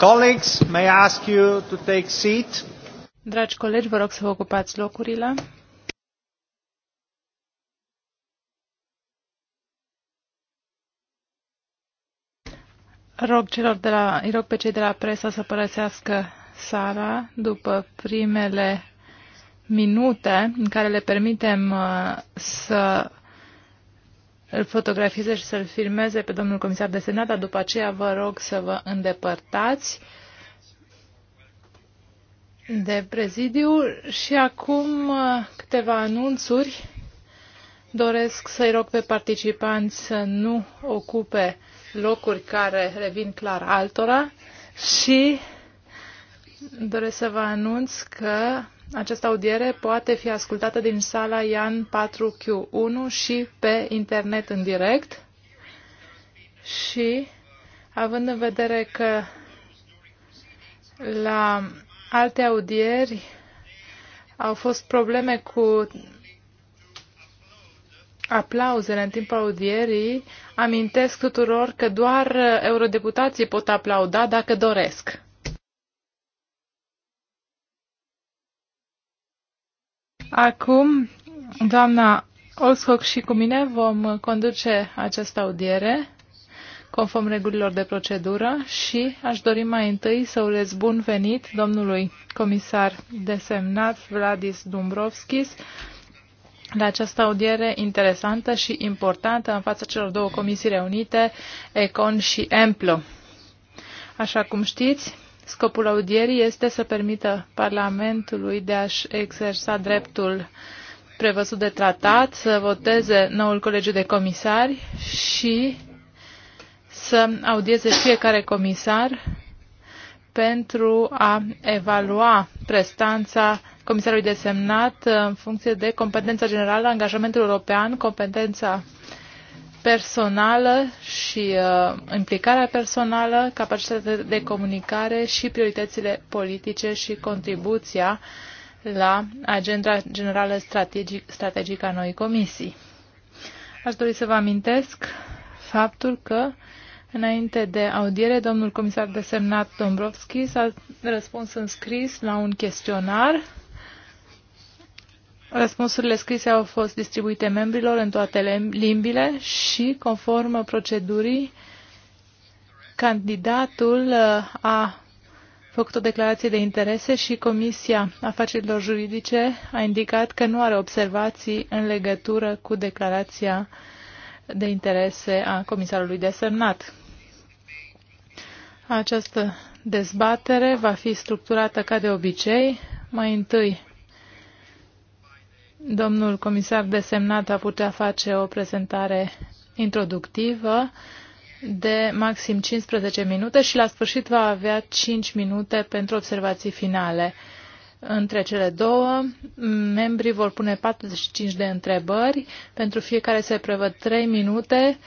Colleagues, may I ask you to take seat? Dragi colegi, vă rog să vă ocupați locurile. Rog celor de la, rog pe cei de la presă să părăsească sala după primele minute în care le permitem uh, să îl fotografieze și să-l filmeze pe domnul comisar de senat, dar după aceea vă rog să vă îndepărtați de prezidiu și acum uh, câteva anunțuri. Doresc să-i rog pe participanți să nu ocupe locuri care revin clar altora și doresc să vă anunț că această audiere poate fi ascultată din sala Ian 4Q1 și pe internet în direct. Și, având în vedere că la alte audieri au fost probleme cu aplauzele în timpul audierii, amintesc tuturor că doar eurodeputații pot aplauda dacă doresc. Acum, doamna Olshock și cu mine vom conduce această audiere conform regulilor de procedură și aș dori mai întâi să urez bun venit domnului comisar desemnat Vladis Dumbrovskis la această audiere interesantă și importantă în fața celor două comisii reunite, ECON și EMPLO. Așa cum știți, Scopul audierii este să permită Parlamentului de a-și exersa dreptul prevăzut de tratat, să voteze noul colegiu de comisari și să audieze fiecare comisar pentru a evalua prestanța comisarului desemnat în funcție de competența generală, angajamentul european, competența personală și uh, implicarea personală, capacitatea de comunicare și prioritățile politice și contribuția la agenda generală strategic, strategică a noii comisii. Aș dori să vă amintesc faptul că înainte de audiere, domnul comisar desemnat Dombrovski s-a răspuns în scris la un chestionar Răspunsurile scrise au fost distribuite membrilor în toate limbile și, conform procedurii, candidatul uh, a făcut o declarație de interese și Comisia Afacerilor Juridice a indicat că nu are observații în legătură cu declarația de interese a comisarului desemnat. Această dezbatere va fi structurată ca de obicei. Mai întâi Domnul comisar desemnat va putea face o prezentare introductivă de maxim 15 minute și la sfârșit va avea 5 minute pentru observații finale. Între cele două, membrii vor pune 45 de întrebări. Pentru fiecare se prevăd 3 minute,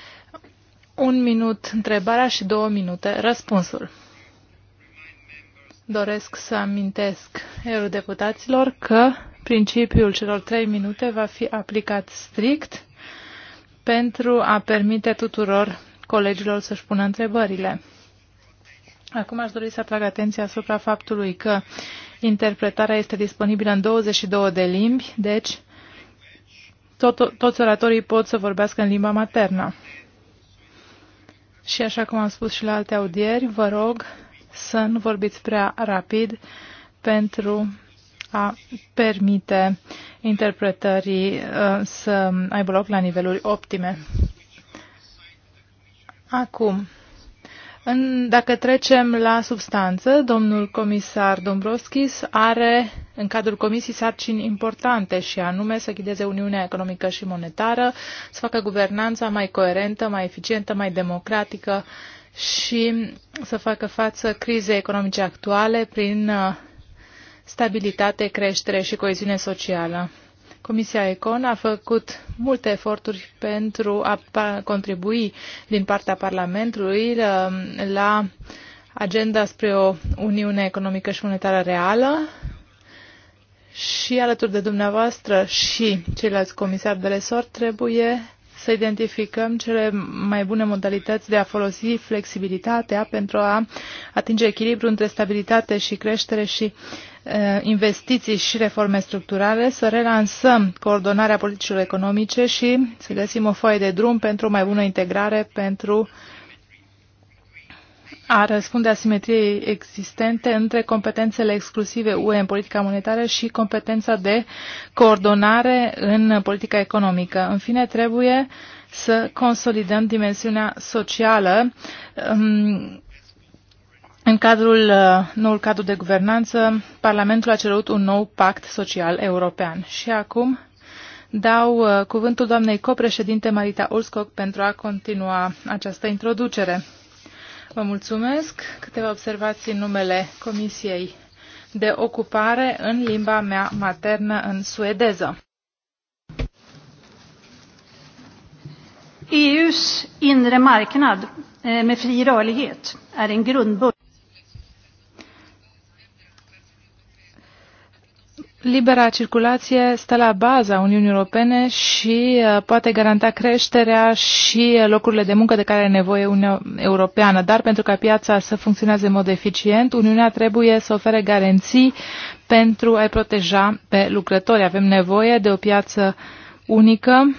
1 minut întrebarea și 2 minute răspunsul doresc să amintesc eurodeputaților că principiul celor trei minute va fi aplicat strict pentru a permite tuturor colegilor să-și pună întrebările. Acum aș dori să atrag atenția asupra faptului că interpretarea este disponibilă în 22 de limbi, deci tot, toți oratorii pot să vorbească în limba maternă. Și așa cum am spus și la alte audieri, vă rog să nu vorbiți prea rapid pentru a permite interpretării uh, să aibă loc la niveluri optime. Acum, în, dacă trecem la substanță, domnul comisar Dombrovskis are în cadrul comisiei sarcini importante și anume să ghideze Uniunea Economică și Monetară, să facă guvernanța mai coerentă, mai eficientă, mai democratică și să facă față crizei economice actuale prin uh, stabilitate, creștere și coeziune socială. Comisia Econ a făcut multe eforturi pentru a contribui din partea Parlamentului uh, la agenda spre o Uniune economică și monetară reală și alături de dumneavoastră și ceilalți comisari de resort trebuie să identificăm cele mai bune modalități de a folosi flexibilitatea pentru a atinge echilibru între stabilitate și creștere și uh, investiții și reforme structurale, să relansăm coordonarea politicilor economice și să găsim o foaie de drum pentru o mai bună integrare pentru uh, a răspunde asimetriei existente între competențele exclusive UE în politica monetară și competența de coordonare în politica economică. În fine, trebuie să consolidăm dimensiunea socială um, în cadrul uh, noul cadru de guvernanță, Parlamentul a cerut un nou pact social european. Și acum dau uh, cuvântul doamnei copreședinte Marita Ulskog pentru a continua această introducere. Vă mulțumesc. Câteva observații în numele Comisiei de Ocupare în limba mea maternă, în suedeză. EUs inre marknad eh, med fri rörlighet är en grundbult Libera circulație stă la baza Uniunii Europene și uh, poate garanta creșterea și uh, locurile de muncă de care are nevoie Uniunea Europeană. Dar pentru ca piața să funcționeze în mod eficient, Uniunea trebuie să ofere garanții pentru a-i proteja pe lucrători. Avem nevoie de o piață unică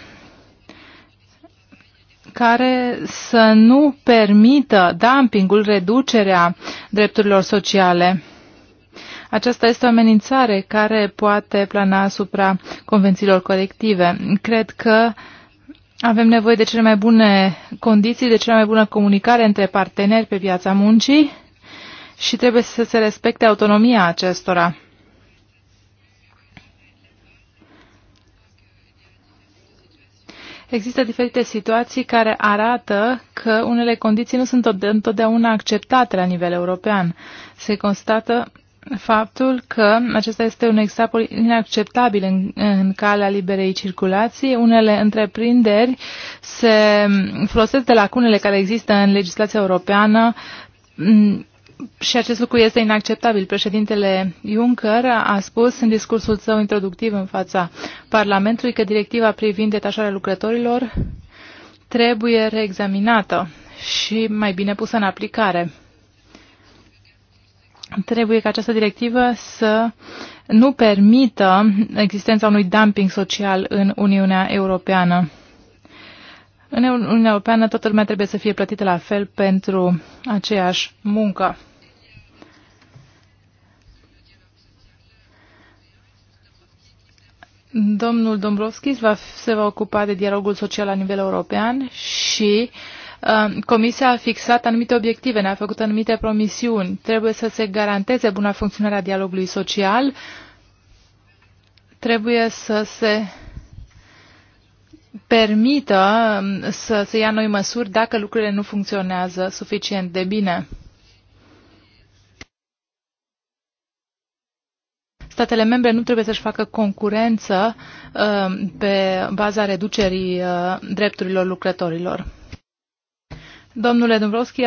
care să nu permită dumpingul, reducerea drepturilor sociale aceasta este o amenințare care poate plana asupra convențiilor colective. Cred că avem nevoie de cele mai bune condiții, de cea mai bună comunicare între parteneri pe piața muncii și trebuie să se respecte autonomia acestora. Există diferite situații care arată că unele condiții nu sunt întotdeauna acceptate la nivel european. Se constată faptul că acesta este un exemplu inacceptabil în, în calea liberei circulații. Unele întreprinderi se folosesc de lacunele care există în legislația europeană mm, și acest lucru este inacceptabil. Președintele Juncker a spus în discursul său introductiv în fața Parlamentului că directiva privind detașarea lucrătorilor trebuie reexaminată și mai bine pusă în aplicare trebuie ca această directivă să nu permită existența unui dumping social în Uniunea Europeană. În Uniunea Europeană toată lumea trebuie să fie plătită la fel pentru aceeași muncă. Domnul Dombrovskis va, se va ocupa de dialogul social la nivel european și uh, Comisia a fixat anumite obiective, ne-a făcut anumite promisiuni. Trebuie să se garanteze buna funcționare a dialogului social, trebuie să se permită um, să se ia noi măsuri dacă lucrurile nu funcționează suficient de bine. Statele membre nu trebuie să-și facă concurență um, pe baza reducerii uh, drepturilor lucrătorilor. Domnule Dombrovski,